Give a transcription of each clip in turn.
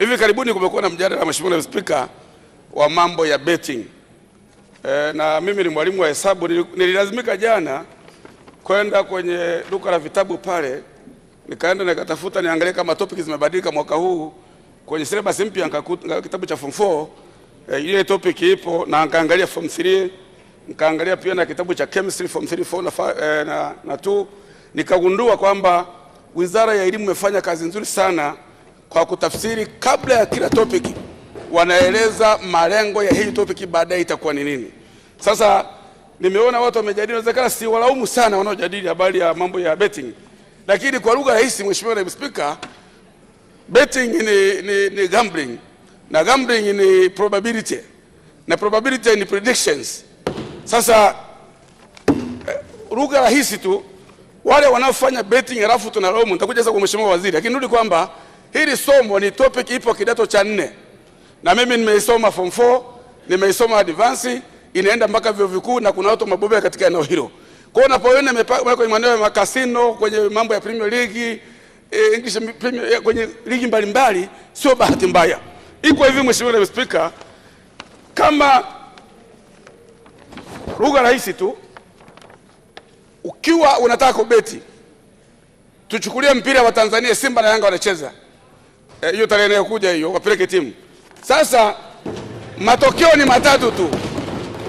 Hivi karibuni kumekuwa na mjadala, Mheshimiwa Naibu Spika, wa mambo ya betting e, na mimi ni mwalimu wa hesabu, nililazimika jana kwenda kwenye duka la vitabu pale, nikaenda nikatafuta niangalie kama topics zimebadilika mwaka huu kwenye syllabus mpya, nikakuta kitabu cha form 4 e, ile topic ipo, na nikaangalia form 3 nikaangalia pia na kitabu cha chemistry form 3 4 na 5, e, na, na 2 nikagundua kwamba Wizara ya Elimu imefanya kazi nzuri sana kwa kutafsiri kabla ya kila topic, wanaeleza malengo ya hii topic baadaye itakuwa ni nini. Sasa nimeona watu wamejadili, inawezekana si walaumu sana wanaojadili habari ya mambo ya betting, lakini kwa lugha rahisi, Mheshimiwa Naibu Spika, betting ni, ni, ni gambling na gambling ni probability na probability ni predictions. Sasa eh, lugha rahisi tu, wale wanaofanya betting halafu tunalaumu. Nitakuja sasa kwa mheshimiwa waziri, lakini nirudi kwamba Hili somo ni topic ipo kidato cha nne, na mimi nimeisoma form 4, nimeisoma advance, inaenda mpaka vyuo vikuu na kuna watu mabobea katika eneo hilo. Kwa hiyo unapoona imepelekwa kwenye maneno ya makasino, kwenye mambo ya Premier League, eh, English Premier eh, kwenye ligi mbalimbali, sio bahati mbaya. Iko hivi, Mheshimiwa Naibu Spika, kama lugha rahisi tu, ukiwa unataka kubeti, tuchukulie mpira wa Tanzania, Simba na Yanga wanacheza Eh, hiyo e, tarehe inayokuja hiyo wapeleke timu. Sasa matokeo ni matatu tu,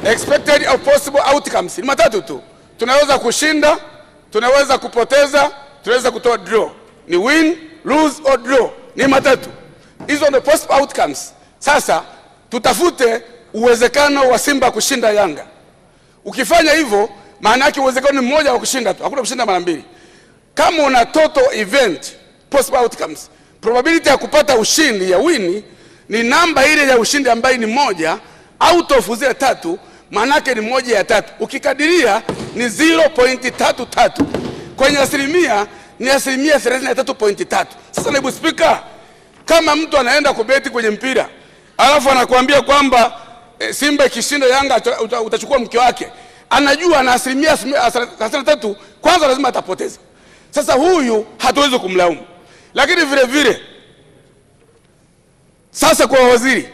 expected or possible outcomes ni matatu tu. Tunaweza kushinda, tunaweza kupoteza, tunaweza kutoa draw. Ni win, lose or draw, ni matatu hizo, ndio possible outcomes. Sasa tutafute uwezekano wa Simba kushinda Yanga. Ukifanya hivyo, maana yake uwezekano ni mmoja wa kushinda tu, hakuna kushinda mara mbili. Kama una total event possible outcomes probability ya kupata ushindi ya wini ni namba ile ya ushindi ambayo ni moja out of zile tatu, maanake ni moja ya tatu, ukikadiria ni 0.33 kwenye asilimia ni asilimia 33.3. Sasa naibu spika, kama mtu anaenda kubeti kwenye mpira alafu anakuambia kwamba e, Simba ikishinda Yanga utachukua mke wake, anajua na asilimia 33, kwanza lazima atapoteza. Sasa huyu hatuwezi kumlaumu. Lakini vile vile sasa kwa waziri,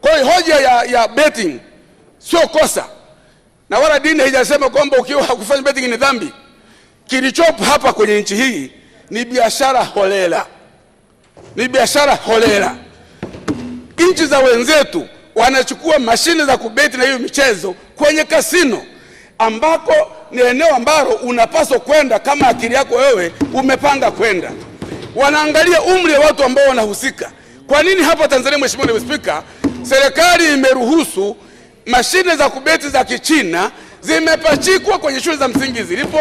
kwa hiyo hoja ya, ya betting sio kosa na wala dini haijasema kwamba ukiwa hakufanya betting ni dhambi. Kilichopo hapa kwenye nchi hii ni biashara holela, ni biashara holela. Nchi za wenzetu wanachukua mashine za kubeti na hiyo michezo kwenye kasino, ambako ni eneo ambalo unapaswa kwenda kama akili yako wewe umepanga kwenda wanaangalia umri wa watu ambao wanahusika. Kwa nini hapa Tanzania, Mheshimiwa Naibu Spika, serikali imeruhusu mashine za kubeti za Kichina zimepachikwa kwenye shule za msingi zilipo,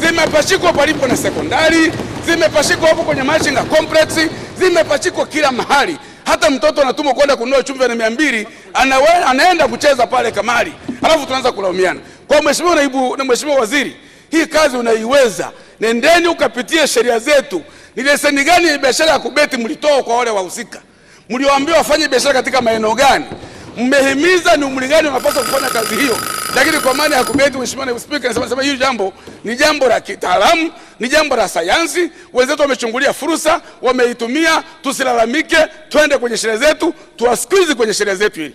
zimepachikwa palipo na sekondari, zimepachikwa hapo kwenye Machinga complex, zimepachikwa kila mahali. Hata mtoto anatumwa kwenda kununua chumvi na mia mbili anaenda kucheza pale kamari, alafu tunaanza kulaumiana. Kwa Mheshimiwa Naibu na Mheshimiwa Waziri, hii kazi unaiweza, nendeni ukapitie sheria zetu ni leseni gani ya biashara ya kubeti mlitoa kwa wale wahusika? Mliwaambia wafanye biashara katika maeneo gani? Mmehimiza ni umri gani unapaswa kufanya kazi hiyo? Lakini kwa maana ya kubeti, Mheshimiwa Naibu Spika, nasema sema hili jambo ni jambo la kitaalamu, ni jambo la sayansi. Wenzetu wamechungulia fursa, wameitumia. Tusilalamike, twende kwenye sherehe zetu, tuwasikilize kwenye sherehe zetu hili